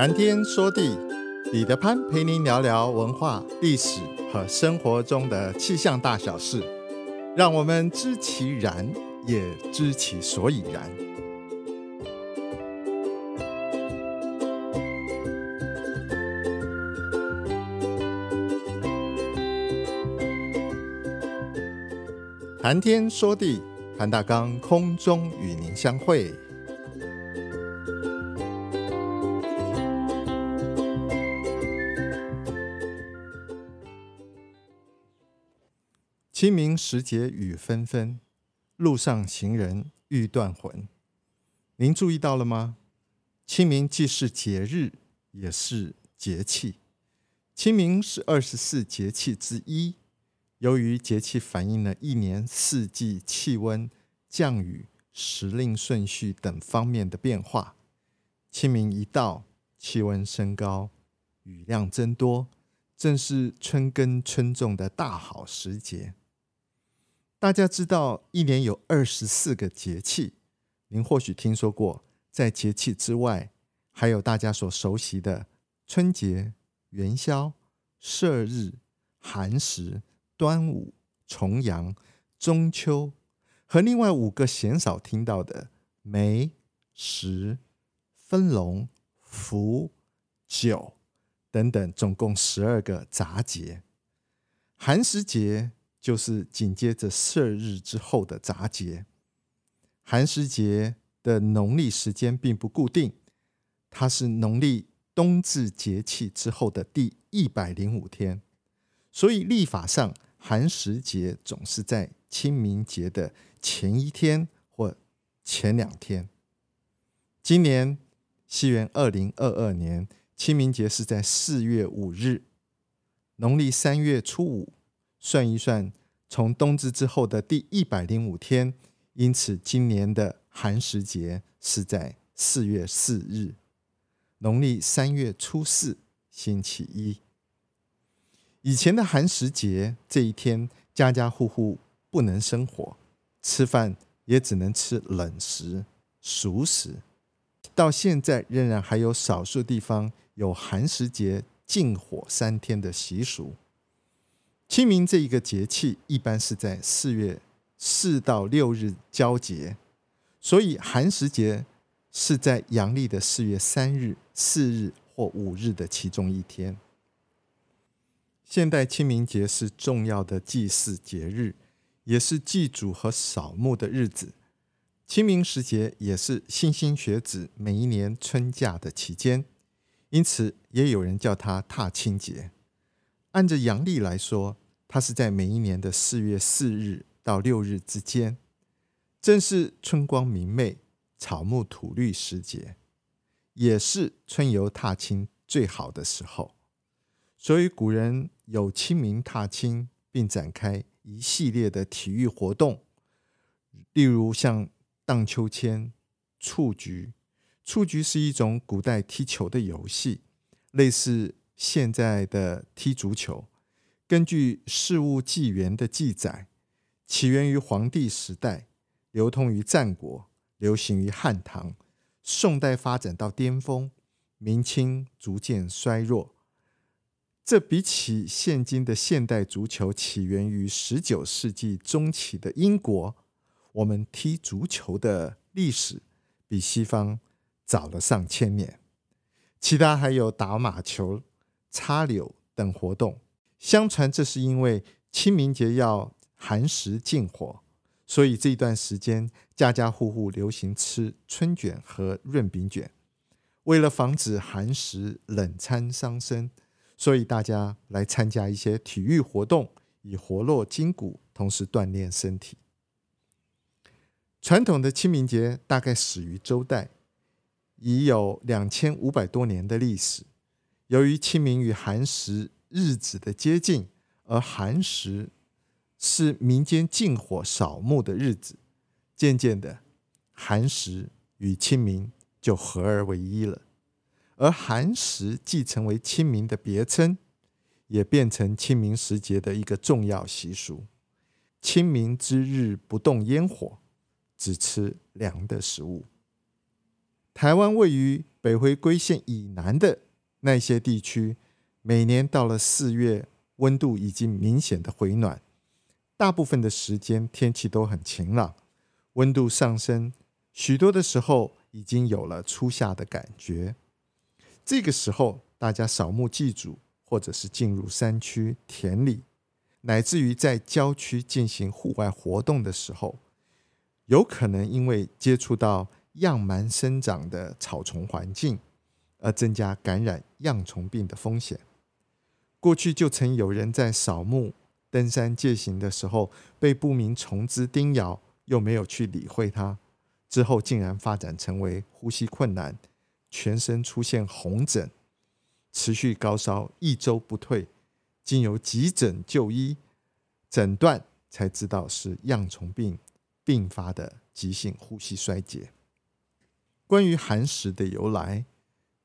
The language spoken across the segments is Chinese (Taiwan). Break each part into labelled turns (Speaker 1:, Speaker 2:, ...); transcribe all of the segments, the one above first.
Speaker 1: 談天說地，李德潘陪您聊聊文化、歷史和生活中的氣象大小事，讓我們知其然，也知其所以然。談天說地，譚大剛空中與您相會。清明時節雨紛紛，路上行人欲斷魂。您注意到了嗎？清明既是節日，也是節氣。清明是二十四節氣之一。由於節氣反映了一年四季氣溫、降雨、時令順序等方面的變化，清明一到，氣溫升高，雨量增多，正是春耕春種的大好時節。大家知道，一年有二十四個節氣。您或許聽說過，在節氣之外，還有大家所熟悉的春節、元宵、社日、寒食、端午、重陽、中秋，和另外五個鮮少聽到的梅、社、分龍、伏、九等等，總共十二個雜節。寒食節，就是緊接着社日之後的雜節，寒食節的農曆時間並不固定，它是農曆冬至節氣之後的第一百零五天，所以曆法上寒食節總是在清明節的前一天或前兩天。今年西元二零二二年清明節是在四月五日，農曆三月初五。算一算，從冬至之後的第一百零五天，因此今年的寒食節是在四月四日，農曆三月初四，星期一。以前的寒食節這一天，家家戶戶不能生火，吃飯也只能吃冷食、熟食。到現在，仍然還有少數地方有寒食節禁火三天的習俗。清明這一個節氣一般是在四月四到六日交節，所以寒食節是在陽曆的四月三日、四日或五日的其中一天。現代清明節是重要的祭祀節日，也是祭祖和掃墓的日子。清明時節也是莘莘學子每一年春假的期間，因此也有人叫它踏青節。按照陽曆來說，它是在每一年的四月四日到六日之間，正是春光明媚、草木吐綠時節，也是春遊踏青最好的時候。所以古人有清明踏青，並展開一系列的體育活動，例如像盪秋千、蹴鞠。蹴鞠是一種古代踢球的遊戲，類似。現在的踢足球，根據《事物紀元》的記載，起源於黃帝時代，流通於戰國，流行於漢唐、宋代，發展到巔峰，明清逐漸衰弱。這比起現今的現代足球起源於19世紀中期的英國，我們踢足球的歷史比西方早了上千年。其他還有打馬球。插柳等活動，相傳這是因為清明節要寒食禁火，所以這段時間家家戶戶流行吃春卷和潤餅卷。為了防止寒食冷餐傷身，所以大家來參加一些體育活動，以活絡筋骨，同時鍛鍊身體。傳統的清明節大概始於周代，已有兩千五百多年的歷史。由於清明與寒食日子的接近，而寒食是民間禁火掃墓的日子，漸漸的，寒食與清明就合二為一了。而寒食既成為清明的別稱，也變成清明時節的一個重要習俗。清明之日不動煙火，只吃涼的食物。台灣位於北回歸線以南的。那些地區，每年到了四月，溫度已經明顯的回暖，大部分的時間天氣都很晴朗，溫度上升，許多的時候已經有了初夏的感覺。這個時候，大家掃墓祭祖，或者是進入山區、田裡，乃至於在郊區進行戶外活動的時候，有可能因為接觸到恙蟎生長的草叢環境。而增加感染恙蟲病的風險。過去就曾有人在掃墓、登山、健行的時候被不明蟲子叮咬，又沒有去理會它，之後竟然發展成為呼吸困難、全身出現紅疹、持續高燒一周不退，經由急診就醫診斷才知道是恙蟲病併發的急性呼吸衰竭。關於寒食的由來。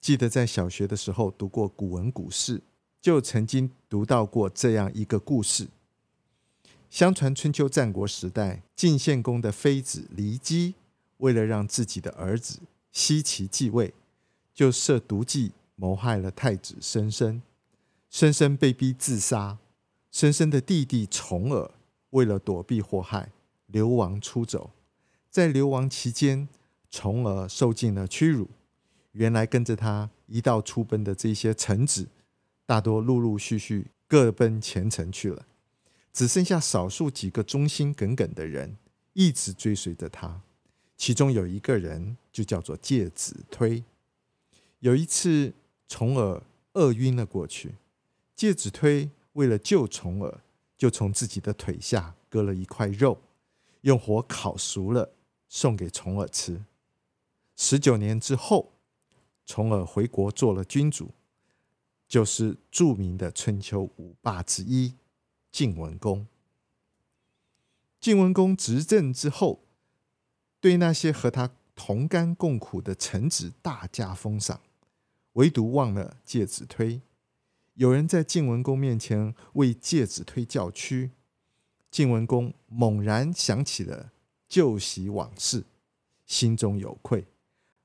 Speaker 1: 記得在小學的時候讀過古文古詩，就曾經讀到過這樣一個故事。相傳春秋戰國時代，晉獻公的妃子驪姬，為了讓自己的兒子奚齊繼位，就設毒計謀害了太子申生。申生被逼自殺，申生的弟弟重耳為了躲避禍害，流亡出走。在流亡期間，重耳受盡了屈辱。原來跟着他一道出奔的這些臣子，大多陸陸續續各奔前程去了，只剩下少數幾個忠心耿耿的人一直追隨着他。其中有一個人就叫做介子推。有一次，重耳餓暈了過去，介子推為了救重耳，就從自己的腿下割了一塊肉，用火烤熟了送給重耳吃。十九年之後。從而回國做了君主，就是著名的春秋五霸之一晉文公。晉文公執政之後，對那些和他同甘共苦的臣子大加封賞，唯獨忘了介子推。有人在晉文公面前為介子推叫屈，晉文公猛然想起了舊習往事，心中有愧。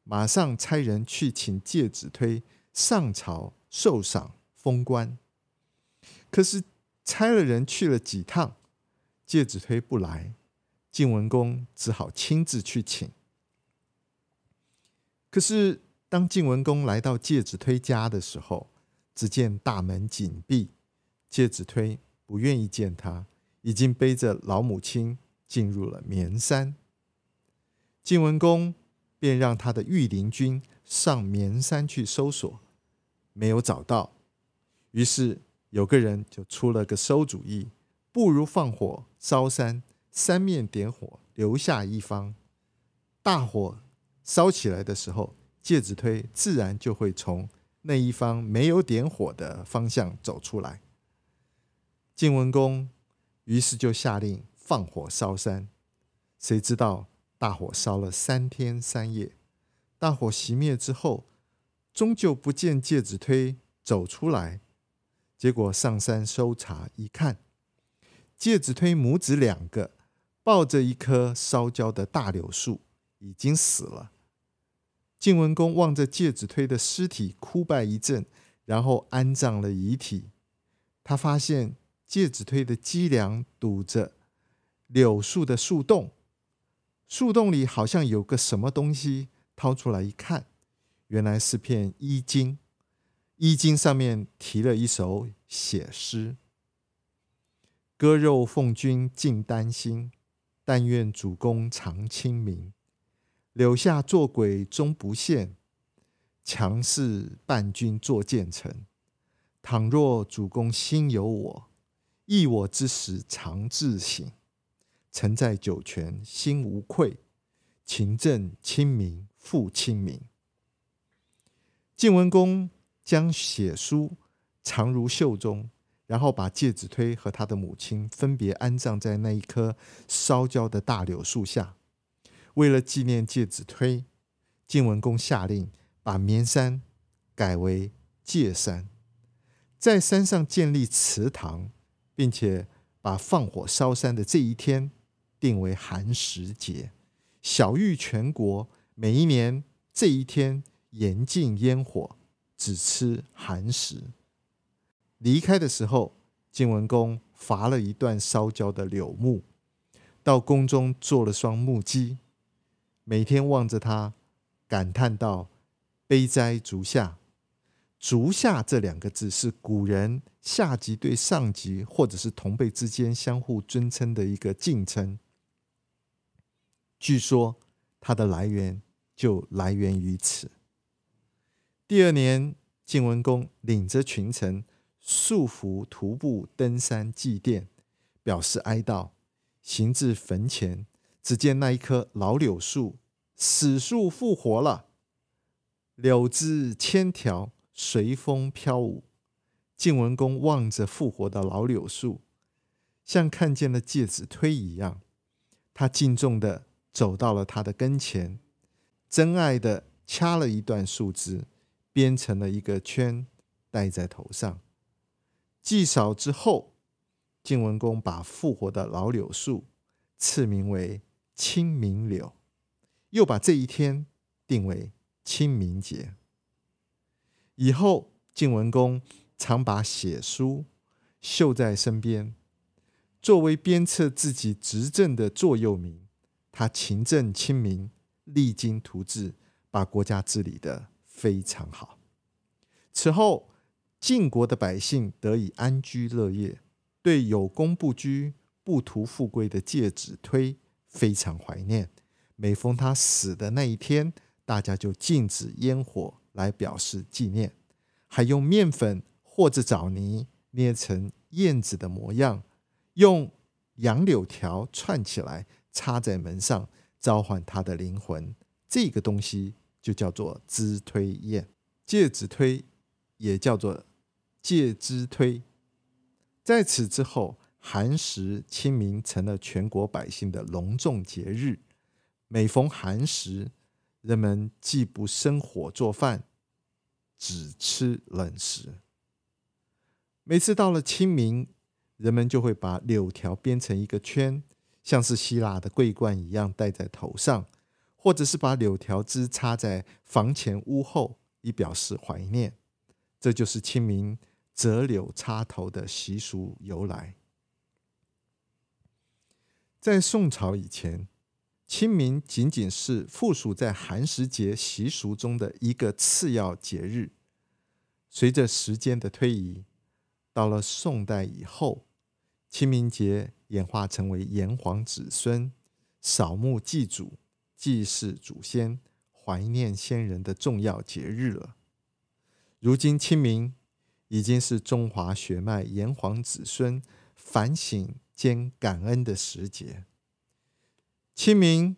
Speaker 1: 馬上差人去請介子推上朝受賞封官，可是差了人去了幾趟，介子推不來，晉文公只好親自去請。可是當晉文公來到介子推家的時候，只見大門緊閉，介子推不願意見他，已經背着老母親進入了綿山。晉文公。便讓他的御林軍上綿山去搜索，沒有找到。於是有個人就出了個餿主意，不如放火燒山，三面點火，留下一方。大火燒起來的時候，介子推自然就會從那一方沒有點火的方向走出來。晉文公於是就下令放火燒山，誰知道，大火燒了三天三夜，大火熄滅之後，終究不見介子推走出來。結果上山搜查，一看，介子推母子兩個抱着一棵燒焦的大柳樹，已經死了。晉文公望着介子推的屍體，哭拜一陣，然後安葬了遺體。他發現介子推的脊梁堵着柳樹的樹洞。樹洞裡好像有個什麼東西，掏出來一看，原來是片衣襟。衣襟上面提了一首寫詩：“割肉奉君盡丹心，但願主公常清明。柳下做鬼終不現，強士伴君作諫臣。倘若主公心有我，憶我之時常自省。”臣在九泉心無愧，勤政清明復清明。晉文公將血書藏入袖中，然後把介子推和他的母親分別安葬在那一棵燒焦的大柳樹下。為了紀念介子推，晉文公下令把綿山改為介山，在山上建立祠堂，並且把放火燒山的這一天，定為寒食節，曉諭全國，每一年這一天嚴禁煙火，只吃寒食。離開的時候，晉文公伐了一段燒焦的柳木，到宮中做了雙木屐，每天望着它，感嘆道：“悲哉足下！足下。”“足下”這兩個字是古人下級對上級或者是同輩之間相互尊稱的一個敬稱。據說它的來源就來源於此。第二年，晉文公領着群臣素服徒步登山祭奠，表示哀悼。行至墳前，只見那一棵老柳樹死樹復活了，柳枝千條隨風飄舞。晉文公望着復活的老柳樹，像看見了介子推一樣，他敬重的。走到了他的跟前，珍愛的掐了一段樹枝，編成了一個圈，戴在頭上。祭掃之後，晉文公把復活的老柳樹賜名為“清明柳”，又把這一天定為清明節。以後，晉文公常把血書繡在身邊，作為鞭策自己執政的座右銘。他勤政親民，勵精圖治，把國家治理得非常好。此後，晉國的百姓得以安居樂業，對有功不居、不圖富貴的介子推非常懷念。每逢他死的那一天，大家就禁止煙火來表示紀念，還用麵粉和着棗泥捏成燕子的模樣，用楊柳條串起來。插在門上，召喚他的靈魂。這個東西就叫做子推燕，介子推也叫做介之推。在此之後，寒食清明成了全國百姓的隆重節日。每逢寒食，人們既不生火做飯，只吃冷食。每次到了清明，人們就會把柳條編成一個圈。像是希臘的桂冠一樣戴在頭上，或者是把柳條枝插在房前屋後，以表示懷念，這就是清明折柳插頭的習俗由來。在宋朝以前，清明僅僅是附屬在寒食節習俗中的一個次要節日。隨着時間的推移，到了宋代以後，清明節。演化成為炎黃子孫掃墓祭祖、祭祀祖先、懷念先人的重要節日了。如今清明已經是中華血脈炎黃子孫反省兼感恩的時節。清明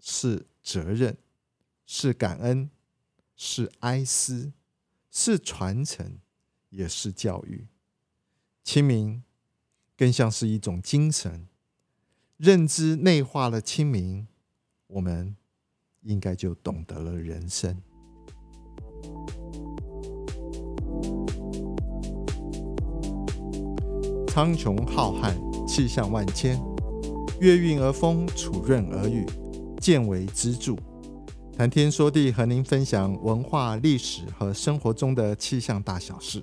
Speaker 1: 是責任，是感恩，是哀思，是傳承，也是教育。清明。更像是一種精神，認知內化了清明，我們應該就懂得了人生。蒼穹浩瀚，氣象萬千，月暈而風，礎潤而雨，見微知著，談天說地，和您分享文化、歷史和生活中的氣象大小事。